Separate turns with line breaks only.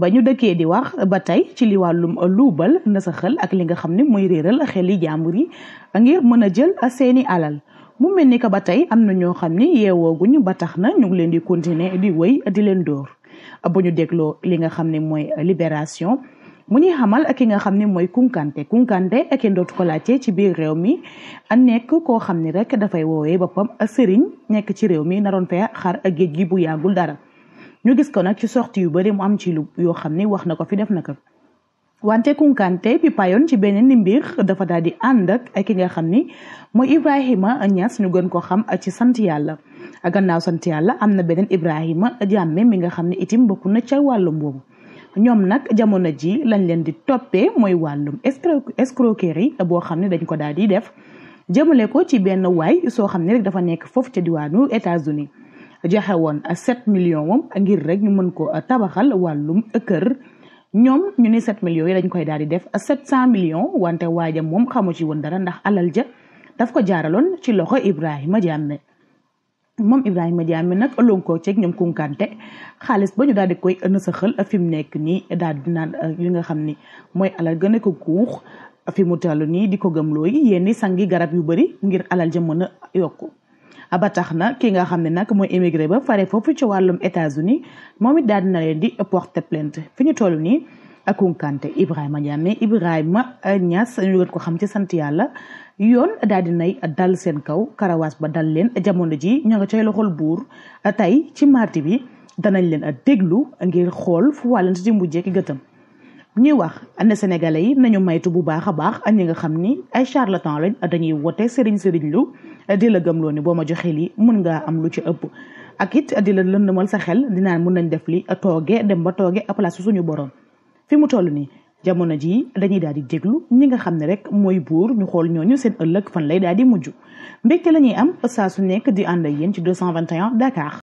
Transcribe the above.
ba ñu dëkkee di wax ba tey ci li wàllum luubal nasaxal ak li nga xam ne mooy réeral xeli jàmbur yi ngir mën a jël a seeni alal mu mel ni que ba tey am na ñoo xam ni ñu ba tax na ñu ngi leen di continuer di wéy di leen dóor bu ñu dégloo li nga xam ne mooy libération mu ñuy xamal ki nga xam ne mooy kunkante kunkante ak ndootu ko laajte ci biir réew mi a nekk koo xam ni rek dafay woowee boppam sëriñ nekk ci réew mi naroon fee xar géej gi bu yàggul dara ñu gis ko nag ci sortie yu bari mu am ci lu yoo xam wax na ko fi def na ko wante kunkante pipayon ci benen ni mbir dafa daal di ànd ak ak ki nga xam ni mooy ibrahima ñas ñu gën ko xam ci sant yàlla gannaaw sant yàlla am na ibrahima jàmme mi nga xam itim bokk na ca wàllum boobu ñoom nag jamono ji lañ leen di toppee mooy wàllum escroquerie boo xam dañ ko daal def jëmale ko ci benn waay soo xam ne rek dafa nekk foofu ca diwaanu états joxe woon a sept million moom ngir rek ñu mën ko tabaxal wàllum kër ñoom ñu ne 7 millions yi dañ koy daal di def cent million wante waaja moom xamu ci woon dara ndax alal ja daf ko jaaraloon ci loxo Ibrahima Diame moom Ibrahima Diame nag lonkoo ceeg ñoom kunkante xaalis ba ñu daal di koy nasaxal fi mu nekk nii daal di naan euh, li nga xam ni mooy alal gën a ko guux fi mu toll nii di ko gëmlooyi yenn sangi garab yu bëri ngir alal ja mën a yokku ba tax na ki nga xam ne nag mooy émigré ba fare foofu ci wàllum États-Unis moom it daal dina leen di porter plainte fi ñu toll nii Kounkandé Ibrahima Diame Ibrahima euh, Niass ñu gën ko xam ci sant yàlla yoon daal di nay dal seen kaw karawaas ba dal leen jamono ji ña nga cay loxol buur tey ci mardi bi danañ leen a déglu ngir xool fu wàllant di mujjee ki gëtam ñuy wax ne sénégalais yi nañu maytu bu baax a baax ñi nga xam ni ay charlatan lañ dañuy wote sëriñ sëriñ lu di la gëmloo ni boo ma joxee lii mun nga am lu ci ëpp ak it di la lëndëmal sa xel dinaan mun nañ def li tooge dem ba tooge à place suñu borom fi mu toll nii jamono jii dañuy daal di déglu ñi nga xam ne rek mooy buur ñu xool ñooñu seen ëllëg fan lay daal di mujj mbégte la ñuy am saa su nekk di ànd ak yéen ci 221 Dakar.